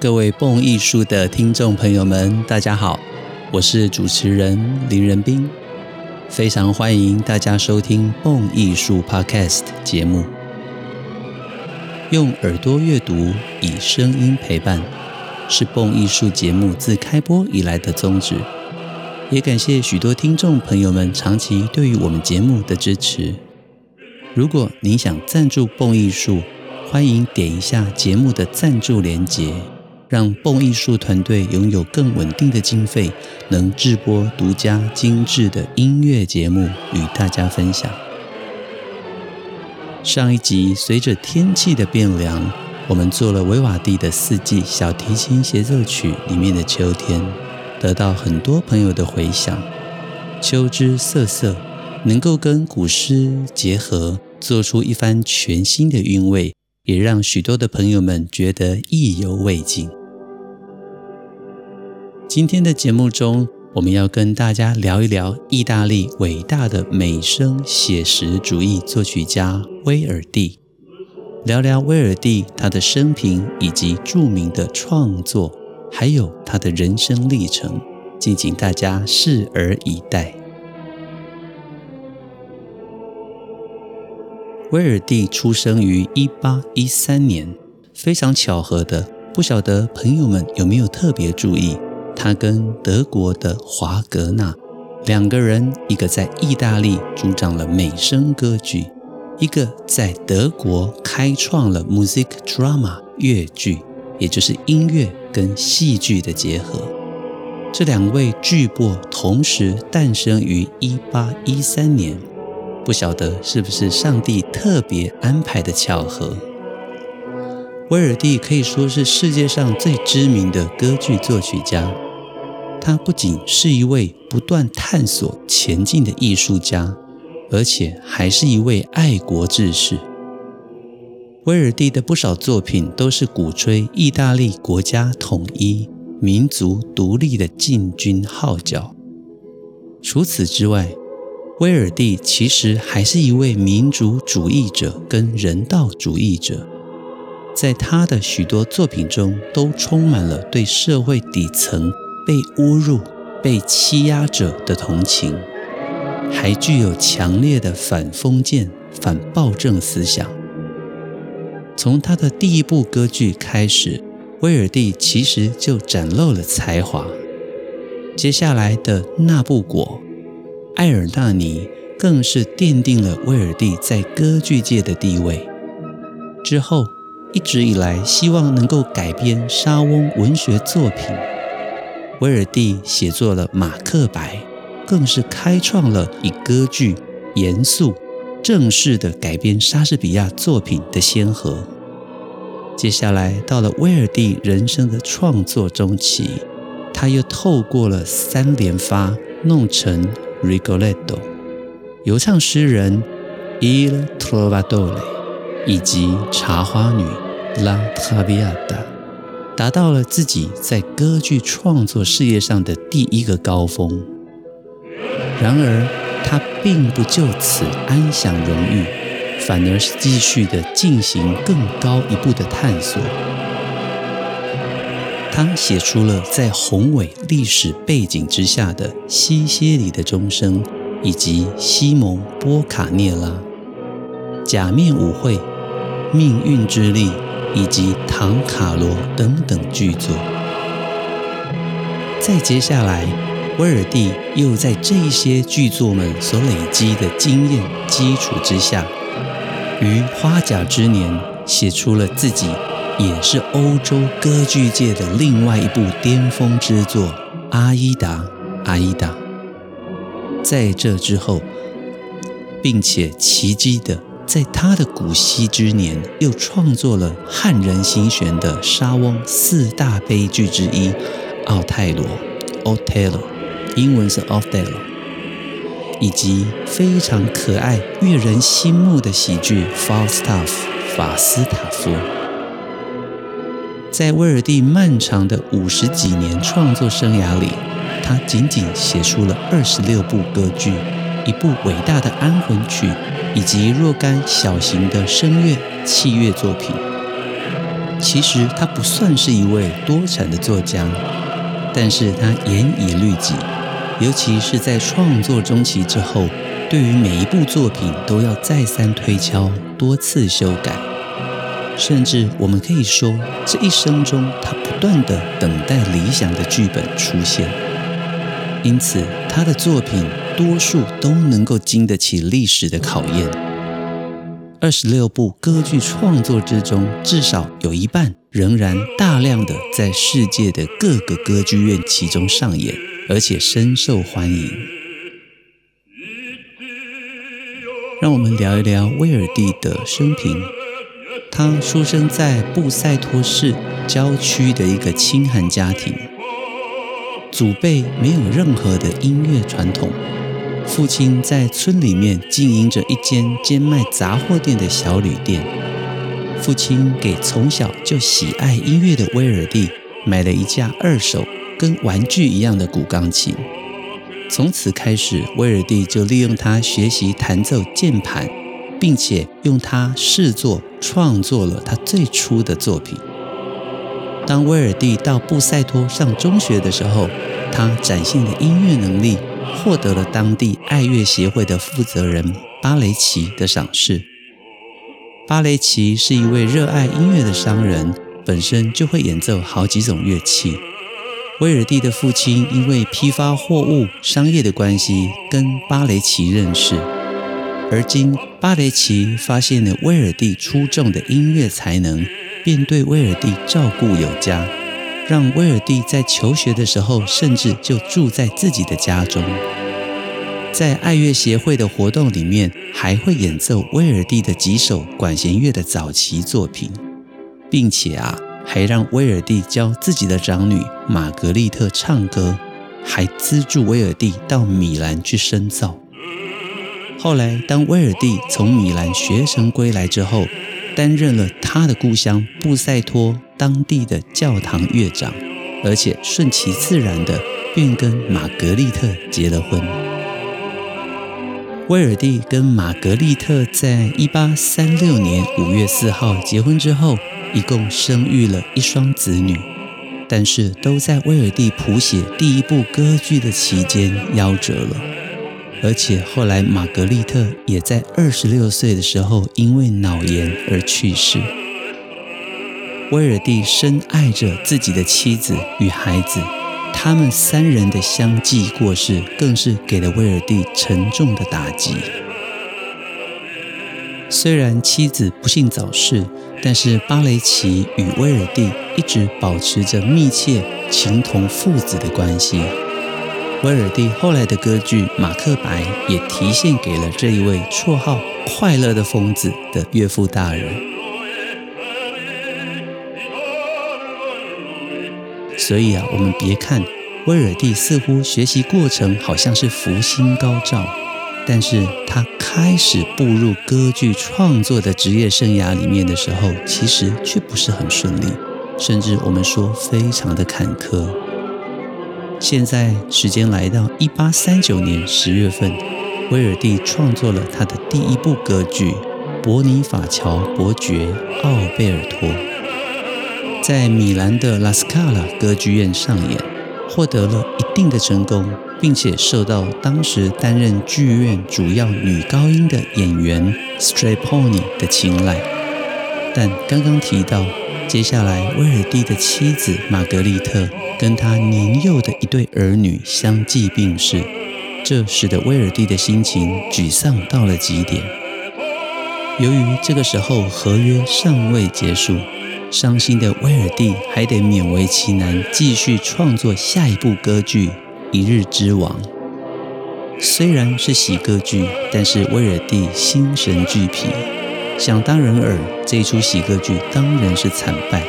各位蹦藝術的聽眾朋友們，大家好，我是主持人林仁斌，非常歡迎大家收聽蹦藝術 Podcast 節目。用耳朵閱讀，以聲音陪伴，是蹦藝術節目自開播以來的宗旨。也感謝許多聽眾朋友們長期對於我們節目的支持。如果您想贊助蹦藝術，歡迎點一下節目的贊助連結。讓蹦藝術團隊擁有更穩定的經費，能制播獨家精致的音樂節目與大家分享。上一集隨着天氣的變涼，我們做了維瓦蒂的《四季小提琴協奏曲》裡面的秋天，得到很多朋友的回響。秋之瑟瑟，能夠跟古詩結合，做出一番全新的韻味，也讓許多的朋友們覺得意猶未盡。今天的節目中，我們要跟大家聊一聊意大利偉大的美聲寫實主義作曲家威爾第，聊聊威爾第他的生平以及著名的創作，還有他的人生歷程，敬請大家拭目以待。威爾第出生於一八一三年，非常巧合的，不曉得朋友們有沒有特別注意。他跟德國的華格納兩個人，一個在意大利主張了美聲歌劇，一個在德國開創了 music drama 樂劇，也就是音樂跟戲劇的結合。這兩位巨擘同時誕生於一八一三年，不曉得是不是上帝特別安排的巧合。威爾第可以說是世界上最知名的歌劇作曲家。他不僅是一位不斷探索前進的藝術家，而且還是一位愛國志士。威爾第的不少作品都是鼓吹意大利國家統一、民族獨立的進軍號角。除此之外，威爾第其實還是一位民族主義者跟人道主義者，在他的許多作品中都充滿了對社會底層，被侮辱、被欺壓者的同情，還具有強烈的反封建、反暴政思想。從他的第一部歌劇開始，威爾第其實就展露了才華。接下來的《納布果》《艾爾納尼》更是奠定了威爾第在歌劇界的地位。之後，一直以來希望能夠改編莎翁文學作品。威爾第寫作了《馬克白》，更是開創了以歌劇嚴肅、正式的改編莎士比亞作品的先河。接下來到了威爾第人生的創作中期，他又透過了三連發弄臣《Rigoletto》、遊唱詩人《Il Trovatore》以及《茶花女》《La Traviata》。達到了自己在歌劇創作事業上的第一個高峰。然而，他並不就此安享榮譽，反而是繼續地進行更高一步的探索。他寫出了在宏偉歷史背景之下的《西西里的鐘聲》，以及《西蒙·波卡涅拉》《假面舞會》《命運之力》。以及《唐卡羅》等等劇作。再接下來，威爾第又在這些劇作們所累積的經驗基礎之下，於花甲之年寫出了自己也是歐洲歌劇界的另外一部巔峰之作《阿依達》，阿依達。在這之後，並且奇跡的。在他的古稀之年，又創作了撼人心弦的莎翁四大悲劇之一《奧泰羅》（Otello），英文是《Othello》，以及非常可愛、悅人心目的喜劇《Falstaff》，法斯塔夫。在威爾第漫長的五十幾年創作生涯裡，他僅僅寫出了二十六部歌劇，一部偉大的安魂曲。以及若干小型的聲樂、器樂作品。其實他不算是一位多產的作家，但是他嚴以律己，尤其是在創作中期之後，對於每一部作品都要再三推敲、多次修改，甚至我們可以說，這一生中他不斷地等待理想的劇本出現。因此，他的作品，多數都能夠經得起歷史的考驗。二十六部歌劇創作之中，至少有一半仍然大量的在世界的各個歌劇院其中上演，而且深受歡迎。讓我們聊一聊威爾第的生平。他出生在布塞托市郊區的一個清寒家庭，祖輩沒有任何的音樂傳統。父親在村裡面經營着一間兼賣雜貨店的小旅店。父親給從小就喜愛音樂的威爾第買了一架二手、跟玩具一樣的古鋼琴。從此開始，威爾第就利用它學習彈奏鍵盤，並且用它試作創作了他最初的作品。當威爾第到布塞托上中學的時候，他展現的音樂能力。獲得了當地愛樂協會的負責人巴雷奇的賞識。巴雷奇是一位熱愛音樂的商人，本身就會演奏好幾種樂器。威爾第的父親因為批發貨物、商業的關係，跟巴雷奇認識。而今，巴雷奇發現了威爾第出眾的音樂才能，便對威爾第照顧有加。讓威爾蒂在求學的時候，甚至就住在自己的家中。在愛樂協會的活動裡面，還會演奏威爾蒂的幾首管弦樂的早期作品，並且啊，還讓威爾蒂教自己的長女瑪格麗特唱歌，還資助威爾蒂到米蘭去深造。後來，當威爾蒂從米蘭學成歸來之後，擔任了他的故鄉布塞托當地的教堂樂長，而且順其自然的，便跟瑪格麗特結了婚。威爾第跟瑪格麗特在一八三六年五月四號結婚之後，一共生育了一雙子女，但是都在威爾第譜寫第一部歌劇的期間夭折了。而且後來瑪格麗特也在二十六歲的時候，因為腦炎而去世。威爾第深愛着自己的妻子與孩子，他們三人的相繼過世，更是給了威爾第沉重的打擊。雖然妻子不幸早逝，但是巴雷奇與威爾第一直保持着密切、情同父子的關係。威爾第後來的歌劇《馬克白》也題獻給了這一位綽號“快樂的瘋子”的岳父大人。所以啊，我們別看威爾第似乎學習過程好像是福星高照，但是他開始步入歌劇創作的職業生涯裡面的時候，其實卻不是很順利，甚至我們說非常的坎坷。現在時間來到一八三九年十月份，威爾第創作了他的第一部歌劇《伯尼法喬伯爵奧貝爾托》。在米蘭的拉斯卡拉歌劇院上演，獲得了一定的成功，並且受到當時擔任劇院主要女高音的演員 Strepponi 的青睞。但剛剛提到，接下來威爾第的妻子瑪格麗特跟他年幼的一對兒女相繼病逝，這使得威爾第的心情沮喪到了極點。由於這個時候合約尚未結束。傷心的威爾第還得勉為其難繼續創作下一部歌劇《一日之王》，雖然是喜歌劇，但是威爾第心神俱疲，想當然爾，這一出喜歌劇當然是慘敗。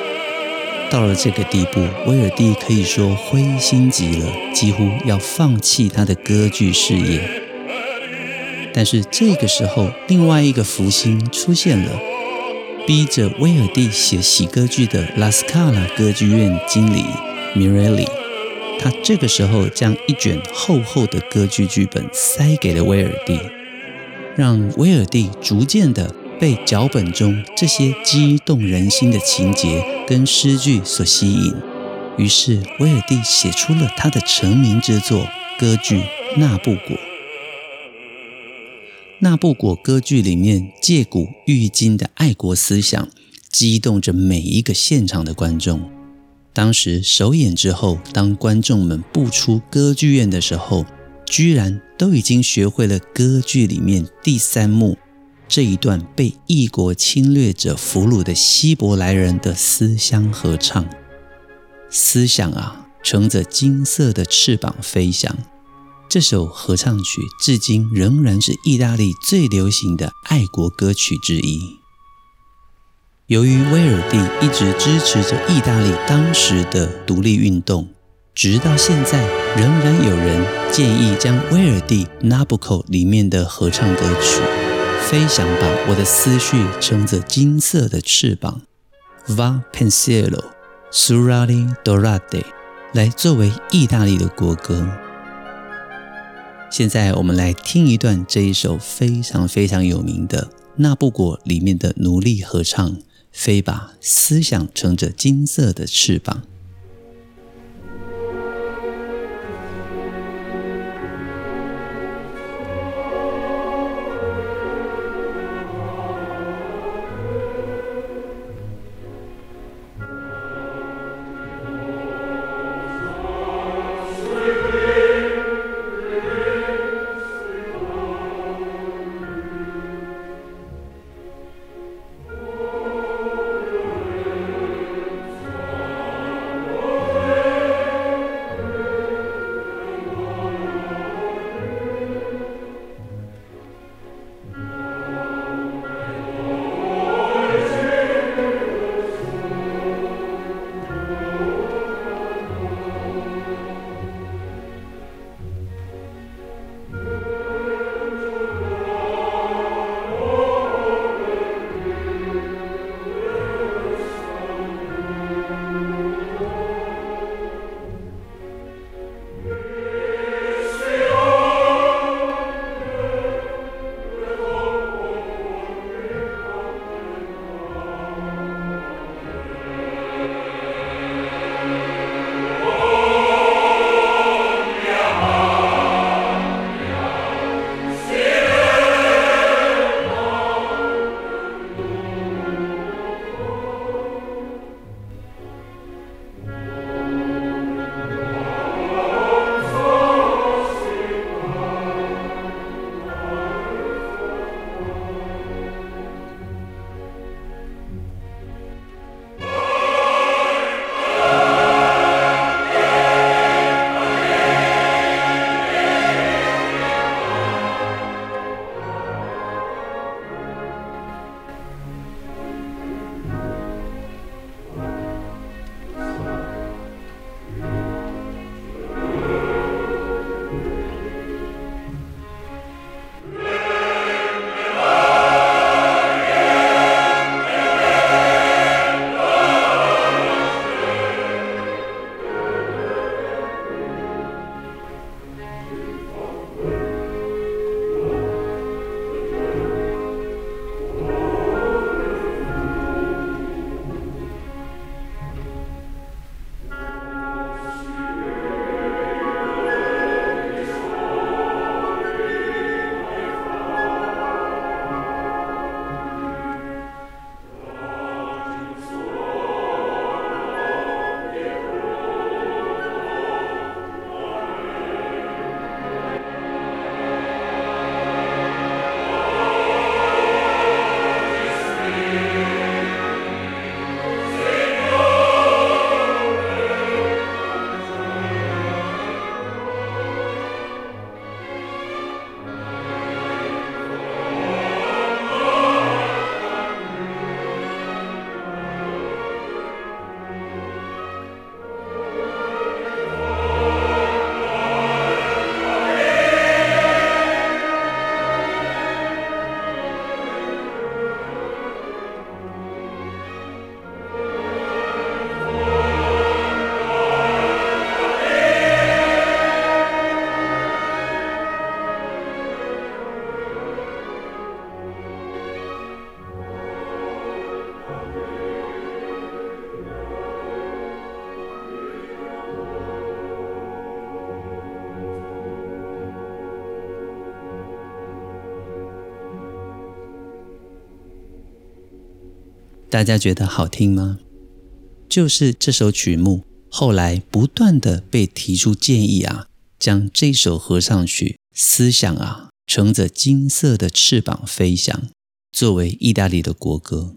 到了這個地步，威爾第可以說灰心極了，幾乎要放棄他的歌劇事業。但是這個時候，另外一個福星出現了。逼着威爾第寫喜歌劇的拉斯卡拉歌劇院經理 Merelli，他這個時候將一卷厚厚的歌劇劇本塞給了威爾第。讓威爾第逐漸的被腳本中這些激動人心的情節跟詩句所吸引，於是威爾第寫出了他的成名之作歌劇《納布果》。那部果歌劇裡面借古喻今的愛國思想，激動着每一個現場的觀眾。當時首演之後，當觀眾們步出歌劇院的時候，居然都已經學會了歌劇裡面第三幕這一段被異國侵略者俘虜的希伯來人的思鄉合唱。思想啊，乘着金色的翅膀飛翔。這首合唱曲至今仍然是意大利最流行的愛國歌曲之一。由於威爾第一直支持着意大利當時的獨立運動，直到現在，仍然有人建議將威爾第《Nabucco》裡面的合唱歌曲《飛翔吧，我的思緒，乘着金色的翅膀》（Va pensiero sull'ali dorate） 來作為意大利的國歌。現在我們來聽一段這一首非常非常有名的《納布果》裡面的奴隸合唱：“飛吧，思想，乘着金色的翅膀。”大家覺得好聽嗎？就是這首曲目，後來不斷地被提出建議啊，將這首合唱曲《思想啊，乘着金色的翅膀飛翔》作為意大利的國歌。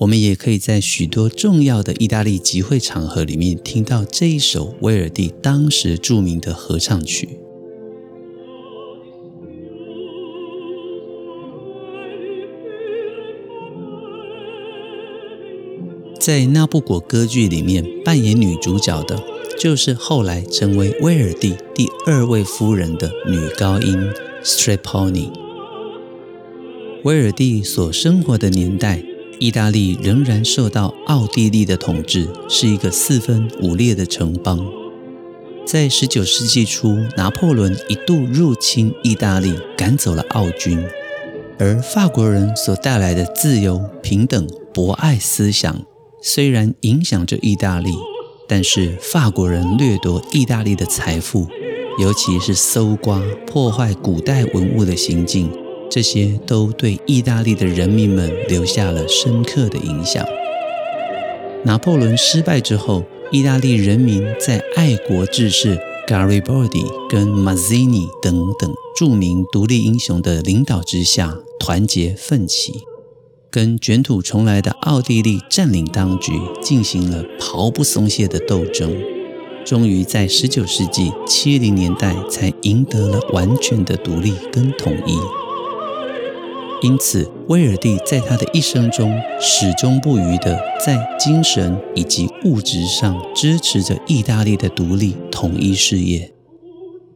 我們也可以在許多重要的意大利集會場合裡面聽到這一首威爾第當時著名的合唱曲。在納布果歌劇裡面扮演女主角的，就是後來成為威爾第第二位夫人的女高音 Strepponi。威爾第所生活的年代，意大利仍然受到奧地利的統治，是一個四分五裂的城邦。在19世紀初，拿破崙一度入侵意大利，趕走了奧軍，而法國人所帶來的自由、平等、博愛思想。雖然影響着意大利，但是法國人掠奪意大利的財富，尤其是搜刮、破壞古代文物的行徑，這些都對意大利的人民們留下了深刻的影響。拿破崙失敗之後，意大利人民在愛國志士 Garibaldi 跟 Mazzini 等等著名獨立英雄的領導之下，團結奮起。跟捲土重來的奧地利佔領當局進行了毫不鬆懈的鬥爭，終於在十九世紀七零年代才贏得了完全的獨立跟統一。因此，威爾第在他的一生中始終不渝的在精神以及物質上支持着意大利的獨立統一事業。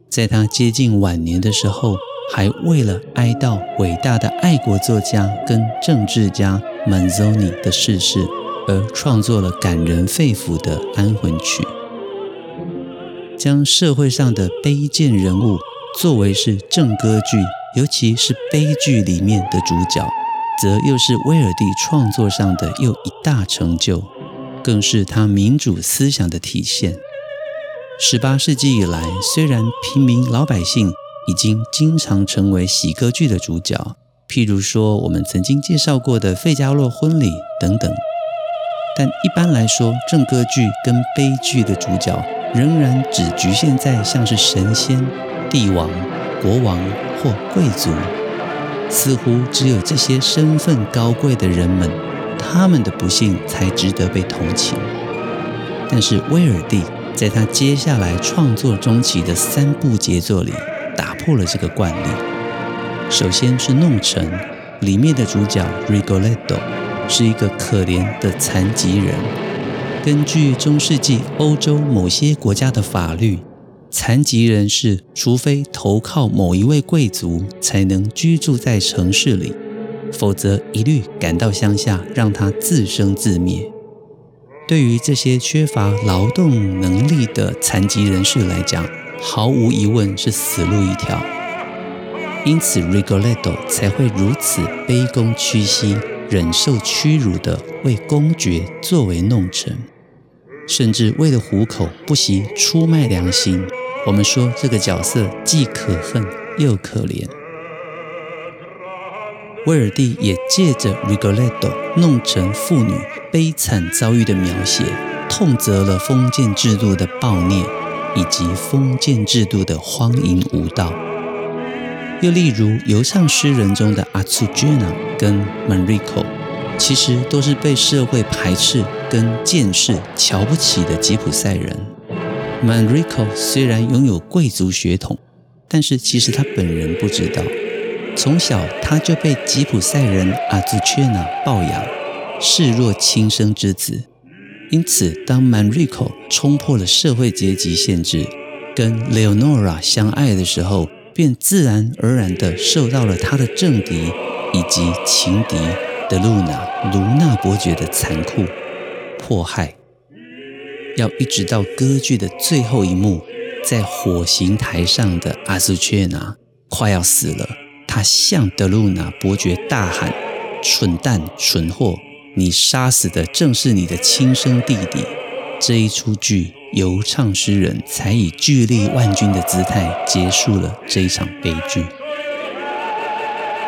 在他接近晚年的時候，還為了哀悼偉大的愛國作家跟政治家 Manzoni 的逝世，而創作了感人肺腑的安魂曲。將社會上的卑賤人物作為是正歌劇，尤其是悲劇裡面的主角，則又是威爾第創作上的又一大成就，更是他民主思想的體現。十八世紀以來，雖然平民老百姓，已經經常成為喜歌劇的主角，譬如說我們曾經介紹過的《費加洛婚禮》等等。但一般來說，正歌劇跟悲劇的主角仍然只局限在像是神仙、帝王、國王或貴族，似乎只有這些身份高貴的人們，他們的不幸才值得被同情。但是威爾第在他接下來創作中期的三部傑作裡。打破了這個慣例。首先是弄臣，裡面的主角 Rigoletto 是一個可憐的殘疾人。根據中世紀歐洲某些國家的法律，殘疾人士除非投靠某一位貴族才能居住在城市裡，否則一律趕到鄉下讓他自生自滅。對於這些缺乏勞動能力的殘疾人士來講，毫無疑問是死路一條，因此 Rigoletto 才會如此卑躬屈膝，忍受屈辱地為公爵作為弄臣，甚至為了糊口不惜出賣良心。我們說這個角色既可恨又可憐。威爾第也借着 Rigoletto 弄臣父女悲慘遭遇的描寫，痛責了封建制度的暴虐。以及封建制度的荒淫無道，又例如遊唱詩人中的阿祖切納跟曼瑞科其實都是被社會排斥跟見識瞧不起的吉普賽人。曼瑞科雖然擁有貴族血統，但是其實他本人不知道，從小他就被吉普賽人阿祖切納抱養，視若親生之子。因此，當 Manrico 衝破了社會階級限制，跟 Leonora 相愛的時候，便自然而然地受到了他的政敵以及情敵德魯納盧娜伯爵的殘酷迫害。要一直到歌劇的最後一幕，在火刑台上的阿蘇切納快要死了，她向德魯納伯爵大喊：“蠢蛋，蠢貨！”你殺死的正是你的親生弟弟。這一出劇，遊唱詩人，才以巨力萬鈞的姿態結束了這一場悲劇。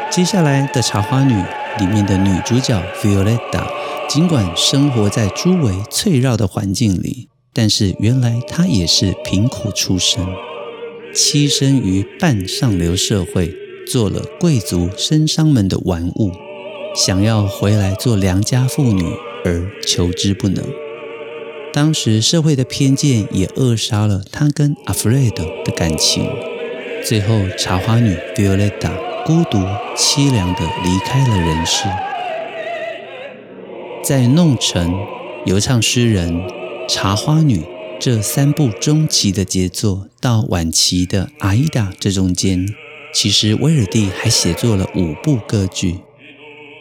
接下來的《茶花女》裡面的女主角 Violetta 儘管生活在珠圍翠繞的環境裡，但是原來她也是貧苦出身，棲身於半上流社會，做了貴族紳商們的玩物。想要回來做良家婦女而求之不能，當時社會的偏見也扼殺了她跟 Alfredo 的感情。最後，茶花女 Violetta 孤獨淒涼地離開了人世。在《弄臣》《遊唱詩人》《茶花女》這三部中期的傑作到晚期的《阿依達》這中間，其實威爾第還寫作了五部歌劇。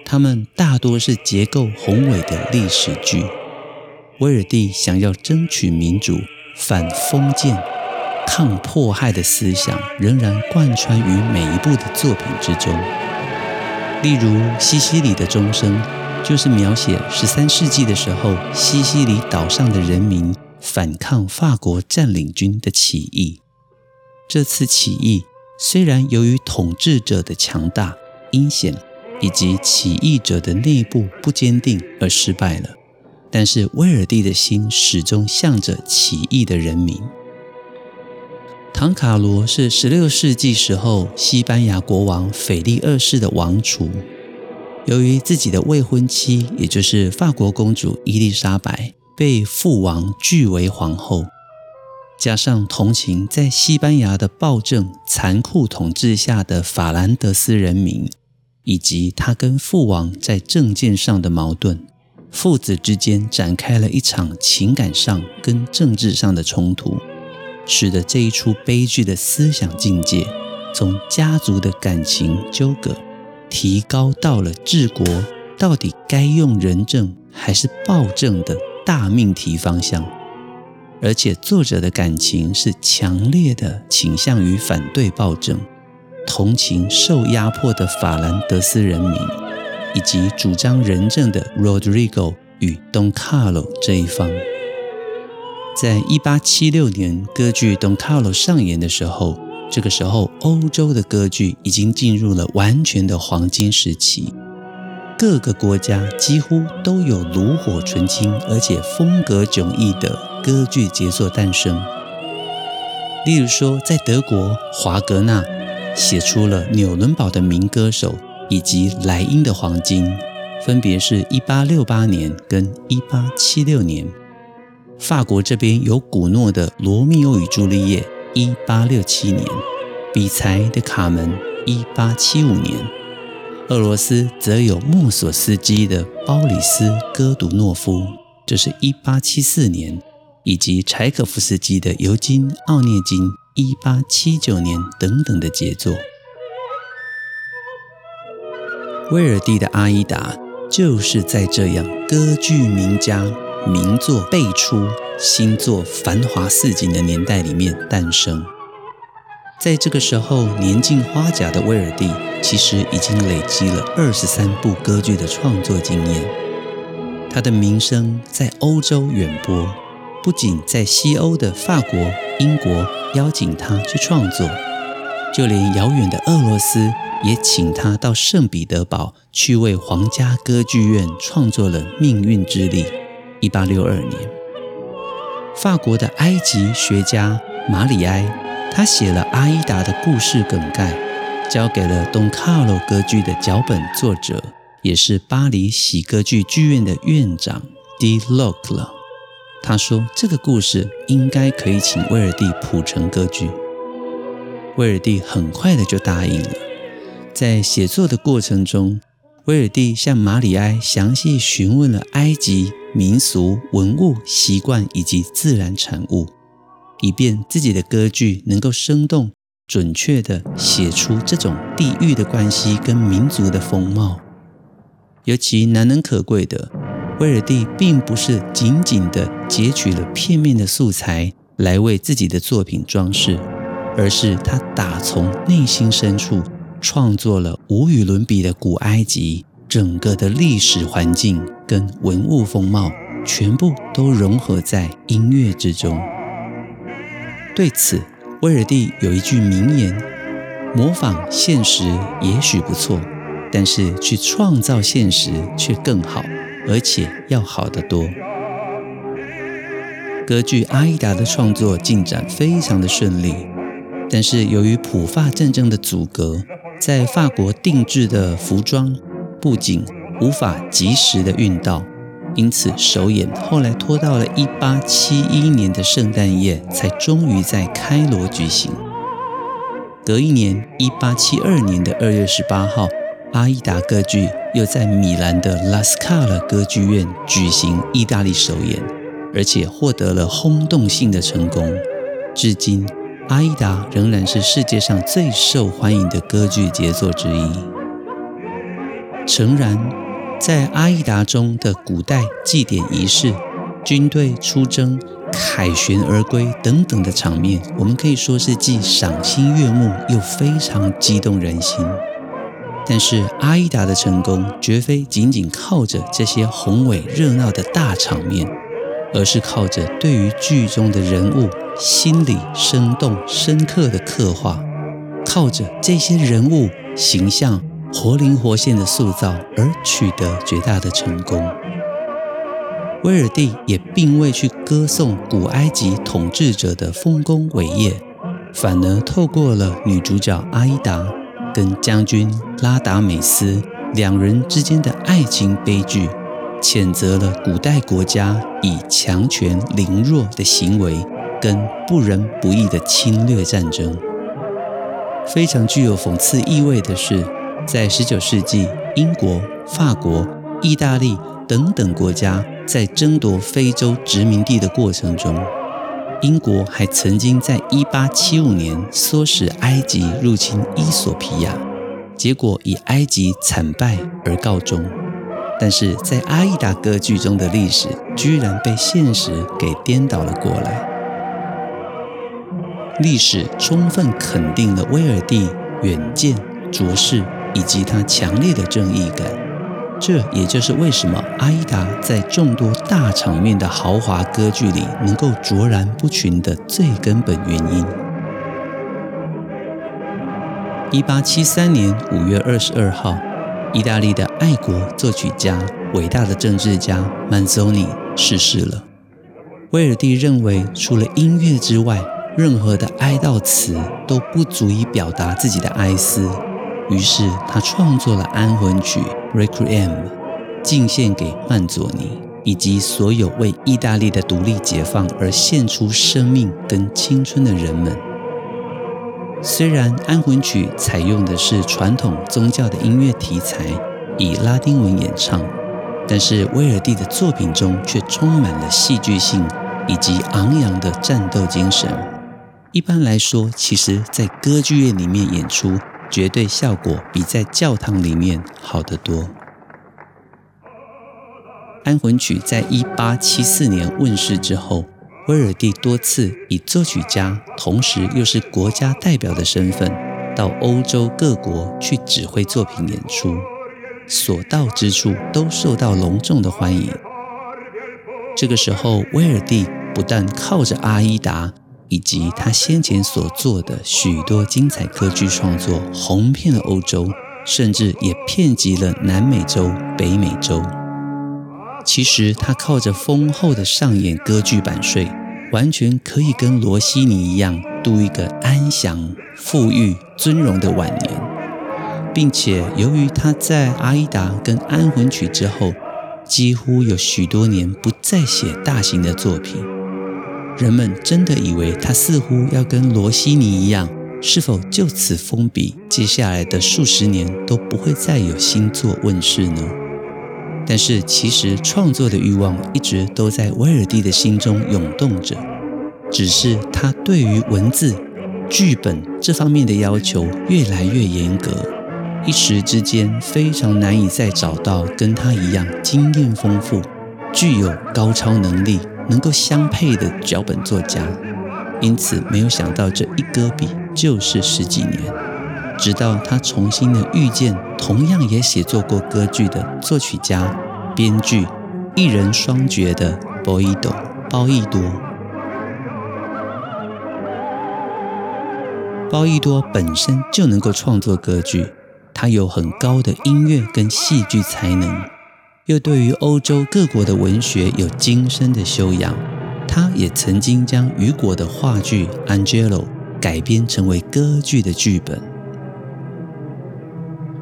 他們大多是結構宏偉的歷史劇。威爾第想要爭取民主、反封建、抗迫害的思想，仍然貫穿於每一部的作品之中。例如，《西西里的鐘聲》就是描寫十三世紀的時候，西西里島上的人民反抗法國佔領軍的起義。這次起義雖然由於統治者的強大、陰險，以及起義者的內部不堅定而失敗了，但是威爾第的心始終向着起義的人民。唐卡羅是十六世紀時候西班牙國王腓力二世的王儲，由於自己的未婚妻，也就是法國公主伊麗莎白被父王拒為皇後，加上同情在西班牙的暴政殘酷統治下的法蘭德斯人民。以及他跟父王在政見上的矛盾，父子之間展開了一場情感上跟政治上的衝突，使得這一出悲劇的思想境界，從家族的感情糾葛，提高到了治國到底該用仁政還是暴政的大命題方向。而且作者的感情是強烈的傾向於反對暴政。同情受壓迫的法蘭德斯人民，以及主張仁政的 Rodrigo 與 Don Carlo 這一方。在一八七六年歌劇 Don Carlo 上演的時候，這個時候歐洲的歌劇已經進入了完全的黃金時期，各個國家幾乎都有爐火純青而且風格迥異的歌劇傑作誕生。例如說，在德國，華格納。寫出了紐倫堡的名歌手以及萊茵的黃金，分別是一八六八年跟一八七六年。法國這邊有古諾的《羅密歐與朱麗葉》，一八六七年；比才的《卡門》，一八七五年。俄羅斯則有莫索斯基的《鮑裡斯·戈獨諾夫》就，這是一八七四年，以及柴可夫斯基的《尤金·奧涅金》。一八七九年等等的傑作，威爾第的《阿依達》就是在這樣歌劇名家、名作輩出、新作繁花似錦的年代裡面誕生。在這個時候，年近花甲的威爾第其實已經累積了二十三部歌劇的創作經驗，他的名聲在歐洲遠播，不僅在西歐的法國、英國。邀請他去創作，就連遙遠的俄羅斯也請他到聖彼得堡去為皇家歌劇院創作了《命運之力》。一八六二年，法國的埃及學家馬里埃，他寫了《阿依達》的故事梗概，交給了 Don Carlo 歌劇的腳本作者，也是巴黎喜歌劇劇院的院長迪洛克勒。他說：“這個故事應該可以請威爾第譜成歌劇。”威爾第很快的就答應了。在寫作的過程中，威爾第向馬里埃詳細詢問了埃及民俗、文物、習慣以及自然產物，以便自己的歌劇能夠生動、準確地寫出這種地域的關係跟民族的風貌。尤其難能可貴的。威爾第並不是僅僅的截取了片面的素材來為自己的作品裝飾，而是他打從內心深處創作了無與倫比的古埃及整個的歷史環境跟文物風貌，全部都融合在音樂之中。對此，威爾第有一句名言：“模仿現實也許不錯，但是去創造現實卻更好。”而且要好得多。歌劇《阿依達》的創作進展非常的順利，但是由於普法戰爭的阻隔，在法國定製的服裝、布景無法及時的運到，因此首演後來拖到了1871年的聖誕夜，才終於在開羅舉行。隔一年，1872年的2月18號。阿依達歌劇又在米蘭的拉斯卡拉歌劇院舉行意大利首演，而且獲得了轟動性的成功。至今，阿依達仍然是世界上最受歡迎的歌劇傑作之一。誠然，在阿依達中的古代祭典儀式、軍隊出征、凱旋而歸等等的場面，我們可以說是既賞心悅目，又非常激動人心。但是，《阿依達》的成功絕非僅僅靠着這些宏偉熱鬧的大場面，而是靠着對於劇中的人物心理生動深刻的刻畫，靠着這些人物形象活靈活現的塑造而取得絕大的成功。威爾第也並未去歌頌古埃及統治者的豐功偉業，反而透過了女主角阿依達。跟將軍拉達美斯兩人之間的愛情悲劇，譴責了古代國家以強權凌弱的行為跟不仁不義的侵略戰爭。非常具有諷刺意味的是，在19世紀，英國、法國、意大利等等國家在爭奪非洲殖民地的過程中。英國還曾經在1875年唆使埃及入侵衣索比亞，結果以埃及慘敗而告終。但是在阿依達歌劇中的歷史，居然被現實給顛倒了過來。歷史充分肯定了威爾第遠見卓識以及他強烈的正義感。這也就是為什麼阿依達在眾多大場面的豪華歌劇裡能夠卓然不群的最根本原因。一八七三年五月二十二號，意大利的愛國作曲家、偉大的政治家曼佐尼逝世了。威爾第認為，除了音樂之外，任何的哀悼詞都不足以表達自己的哀思，於是他創作了安魂曲。Requiem，敬獻給曼佐尼以及所有為意大利的獨立解放而獻出生命跟青春的人們。雖然安魂曲採用的是傳統宗教的音樂題材，以拉丁文演唱，但是威爾第的作品中卻充滿了戲劇性以及昂揚的戰鬥精神。一般來說，其實在歌劇院裡面演出。絕對效果比在教堂裡面好得多。安魂曲在一八七四年問世之後，威爾第多次以作曲家，同時又是國家代表的身份，到歐洲各國去指揮作品演出，所到之處都受到隆重的歡迎。這個時候，威爾第不但靠着阿依達。以及他先前所做的許多精彩歌劇創作，紅遍了歐洲，甚至也遍及了南美洲、北美洲。其實他靠着豐厚的上演歌劇版稅，完全可以跟羅西尼一樣，度一個安詳、富裕、尊榮的晚年。並且由於他在《阿依達》跟《安魂曲》之後，幾乎有許多年不再寫大型的作品。人們真的以為他似乎要跟羅西尼一樣，是否就此封筆？接下來的數十年都不會再有新作問世呢？但是其實創作的欲望一直都在威爾第的心中湧動着，只是他對於文字、劇本這方面的要求越來越嚴格，一時之間非常難以再找到跟他一樣經驗豐富、具有高超能力，能夠相配的腳本作家，因此沒有想到這一擱筆就是十幾年，直到他重新的遇見同樣也寫作過歌劇的作曲家、編劇，一人雙絕的 Boito，包伊多、包奕多。包奕多本身就能夠創作歌劇，他有很高的音樂跟戲劇才能。又對於歐洲各國的文學有精深的修養，他也曾經將雨果的話劇《Angelo》改編成為歌劇的劇本。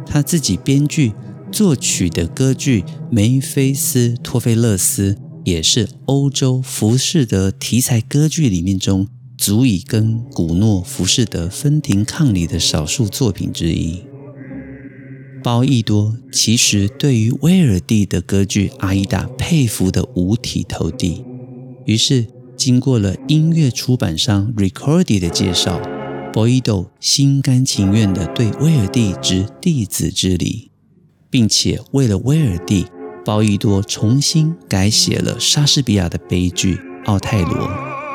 他自己編劇、作曲的歌劇《梅菲斯托菲勒斯》也是歐洲《浮士德》題材歌劇裡面中足以跟古諾《浮士德》分庭抗禮的少數作品之一。包奕多其實對於威爾第的歌劇《阿依達》佩服得五體投地，於是經過了音樂出版商 Ricordi 的介紹，包奕多心甘情願地對威爾第執弟子之禮，並且為了威爾第，包奕多重新改寫了莎士比亞的悲劇《奧泰羅》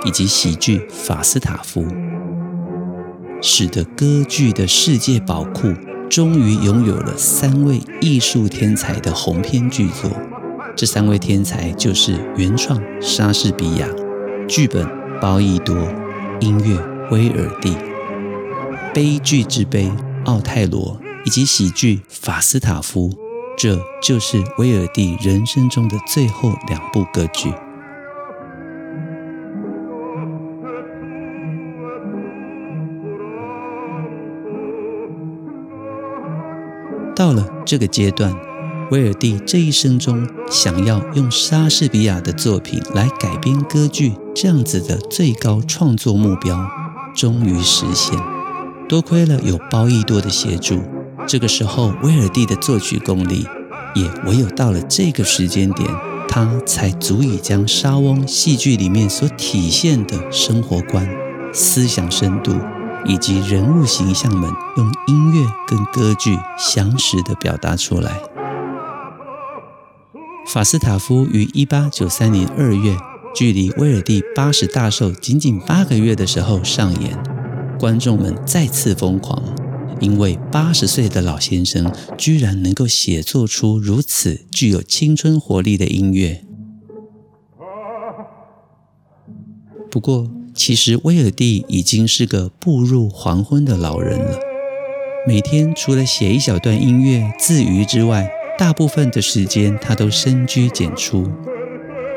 以及喜劇《法斯塔夫》，使得歌劇的世界寶庫。終於擁有了三位藝術天才的鴻篇巨作，這三位天才就是原創莎士比亞、劇本包伊多、音樂威爾第。悲劇之悲《奧泰羅》以及喜劇《法斯塔夫》，這就是威爾第人生中的最後兩部歌劇。到了這個階段，威爾第這一生中想要用莎士比亞的作品來改編歌劇這樣子的最高創作目標，終於實現。多虧了有包義多的協助，這個時候威爾第的作曲功力，也唯有到了這個時間點，他才足以將莎翁戲劇裡面所體現的生活觀、思想深度。以及人物形象們用音樂跟歌劇詳實的表達出來。法斯塔夫於一八九三年二月，距離威爾第八十大壽僅僅八個月的時候上演，觀眾們再次瘋狂，因為八十歲的老先生居然能夠寫作出如此具有青春活力的音樂。不過。其實威爾第已經是個步入黃昏的老人了。每天除了寫一小段音樂自娛之外，大部分的時間他都深居簡出。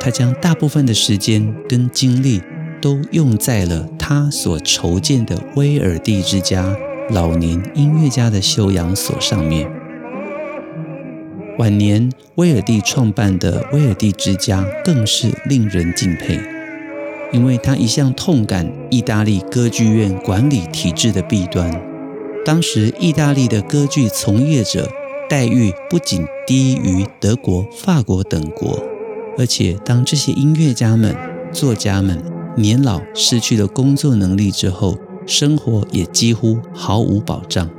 他將大部分的時間跟精力都用在了他所籌建的威爾第之家、老年音樂家的休養所上面。晚年威爾第創辦的威爾第之家更是令人敬佩。因為他一向痛感意大利歌劇院管理體制的弊端，當時意大利的歌劇從業者待遇不僅低於德國、法國等國，而且當這些音樂家們、作家們年老失去了工作能力之後，生活也幾乎毫無保障。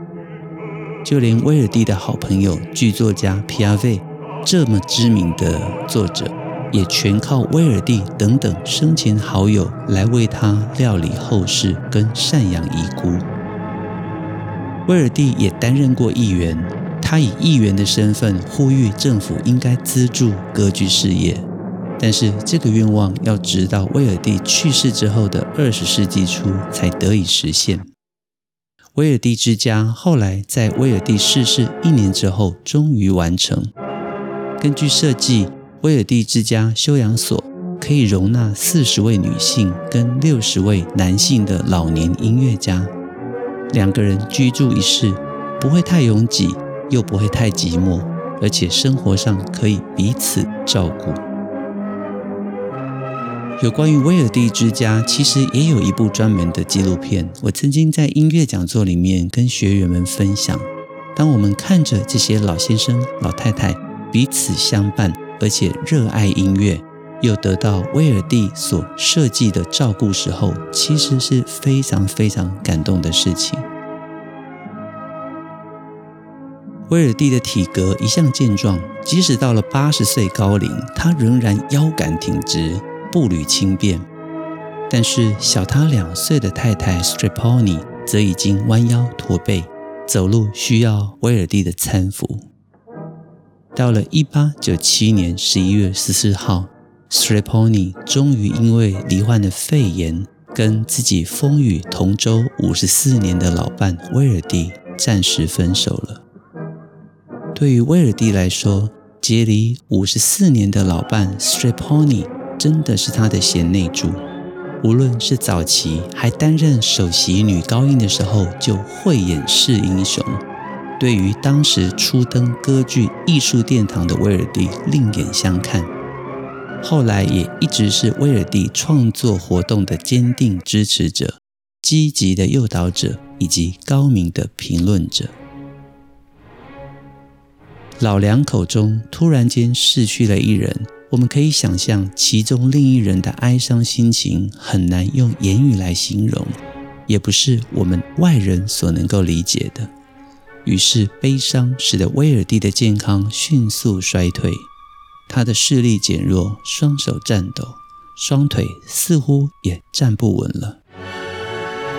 就連威爾第的好朋友劇作家皮阿 v 這麼知名的作者。也全靠威爾第等等生前好友來為他料理後事跟贍養遺孤。威爾第也擔任過議員，他以議員的身份呼籲政府應該資助歌劇事業，但是這個願望要直到威爾第去世之後的二十世紀初才得以實現。威爾第之家後來在威爾第逝世一年之後終於完成，根據設計。威爾第之家休養所可以容納四十位女性跟六十位男性的老年音樂家，兩個人居住一室，不會太擁擠，又不會太寂寞，而且生活上可以彼此照顧。有關於威爾第之家，其實也有一部專門的紀錄片。我曾經在音樂講座裡面跟學員們分享，當我們看着這些老先生、老太太彼此相伴。而且熱愛音樂，又得到威爾第所設計的照顧時候，其實是非常非常感動的事情。威爾第的體格一向健壯，即使到了八十歲高齡，他仍然腰桿挺直，步履輕便。但是小他兩歲的太太 Strepponi 則已經彎腰駝背，走路需要威爾第的攙扶。到了一八九七年十一月十四號，Strepponi 終於因為罹患的肺炎，跟自己風雨同舟五十四年的老伴威爾第暫時分手了。對於威爾第來說，結縭五十四年的老伴 Strepponi 真的是他的賢內助，無論是早期還擔任首席女高音的時候，就慧眼識英雄。對於當時初登歌劇藝術殿堂的威爾第，另眼相看，後來也一直是威爾第創作活動的堅定支持者、積極的誘導者以及高明的評論者。老兩口中突然間逝去了一人，我們可以想象其中另一人的哀傷心情很難用言語來形容，也不是我們外人所能夠理解的。於是，悲傷使得威爾第的健康迅速衰退，他的視力減弱，雙手顫抖，雙腿似乎也站不穩了。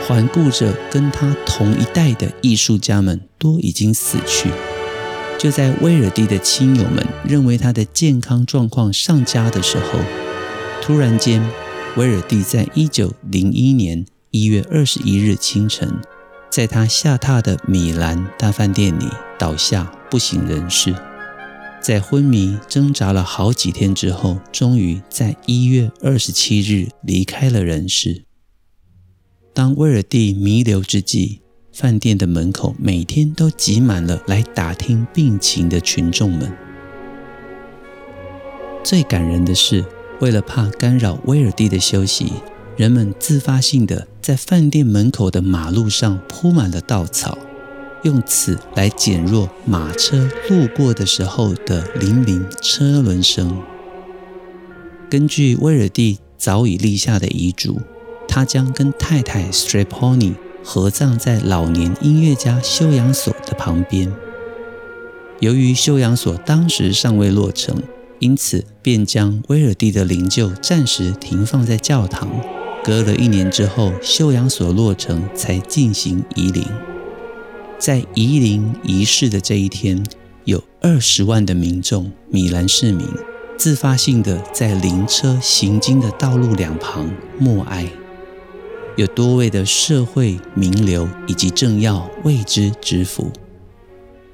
環顧着跟他同一代的藝術家們，都已經死去。就在威爾第的親友們認為他的健康狀況尚佳的時候，突然間，威爾第在1901年1月21日清晨，在他下榻的米蘭大飯店裡倒下，不省人事，在昏迷掙扎了好幾天之後，終於在一月二十七日離開了人世。當威爾第彌留之際，飯店的門口每天都擠滿了來打聽病情的群眾們。最感人的是，為了怕干擾威爾第的休息，人們自發性地在飯店門口的馬路上鋪滿了稻草，用此來減弱馬車路過的時候的“鈴鈴”車輪聲。根據威爾第早已立下的遺囑，他將跟太太 Strepponi 合葬在老年音樂家休養所的旁邊。由於休養所當時尚未落成，因此便將威爾第的靈柩暫時停放在教堂。隔了一年之後，休養所落成，才進行移靈。在移靈儀式的這一天，有二十萬的民眾，米蘭市民自發性的在靈車行經的道路兩旁默哀，有多位的社會名流以及政要為之致福。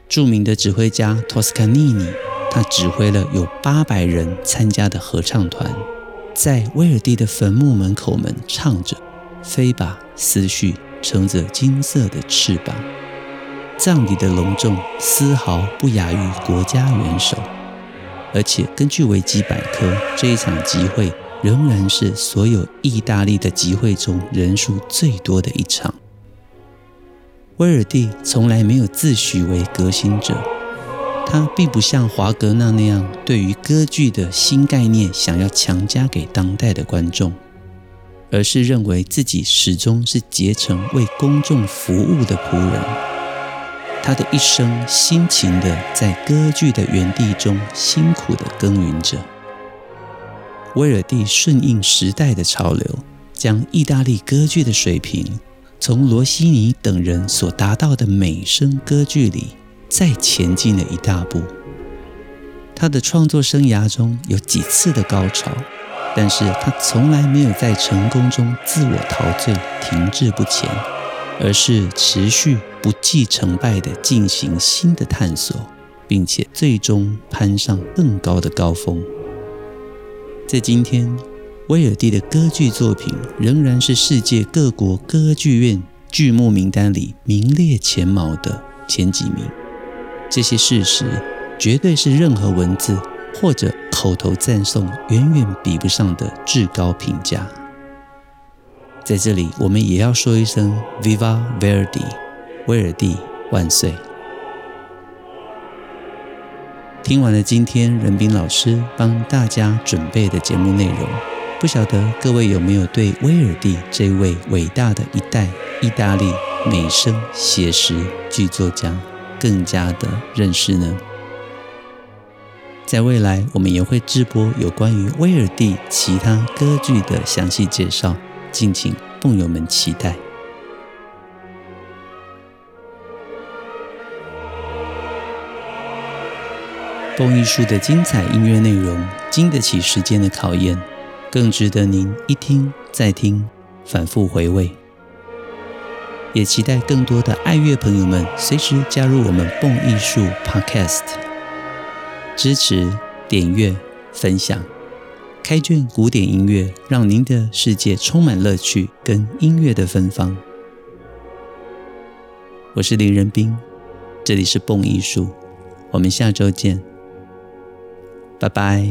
著名的指揮家托斯卡尼尼，他指揮了有八百人參加的合唱團。在威爾第的墳墓門口們唱着：“飛吧，思緒，乘着金色的翅膀。”葬禮的隆重絲毫不亞於國家元首，而且根據維基百科，這一場集會仍然是所有意大利的集會中人數最多的一場。威爾第從來沒有自詡為革新者。他並不像華格納那樣對於歌劇的新概念想要強加給當代的觀眾，而是認為自己始終是竭誠為公眾服務的僕人。他的一生辛勤的在歌劇的園地中辛苦的耕耘着。威爾第順應時代的潮流，將意大利歌劇的水平從羅西尼等人所達到的美聲歌劇裡，再前進了一大步。他的創作生涯中有幾次的高潮，但是他從來沒有在成功中自我陶醉，停滯不前，而是持續不計成敗地進行新的探索，並且最終攀上更高的高峰。在今天，威爾第的歌劇作品仍然是世界各國歌劇院劇目名單裡名列前茅的前幾名。這些事實絕對是任何文字或者口頭讚頌遠遠比不上的至高評價。在這裡，我們也要說一聲 “Viva Verdi，威爾第萬歲”。聽完了今天仁斌老師幫大家準備的節目內容，不曉得各位有沒有對威爾第這位偉大的一代意大利美聲寫實劇作家更加的認識呢？在未來，我們也會直播有關於威爾第其他歌劇的詳細介紹，敬請朋友們期待。蹦藝術的精彩音樂內容，經得起時間的考驗，更值得您一聽再聽，反復回味。也期待更多的愛樂朋友們隨時加入我們蹦藝術 Podcast，支持、點閱、分享、開卷古典音樂，讓您的世界充滿樂趣跟音樂的芬芳。我是林仁斌，這裡是蹦藝術，我們下周見，拜拜。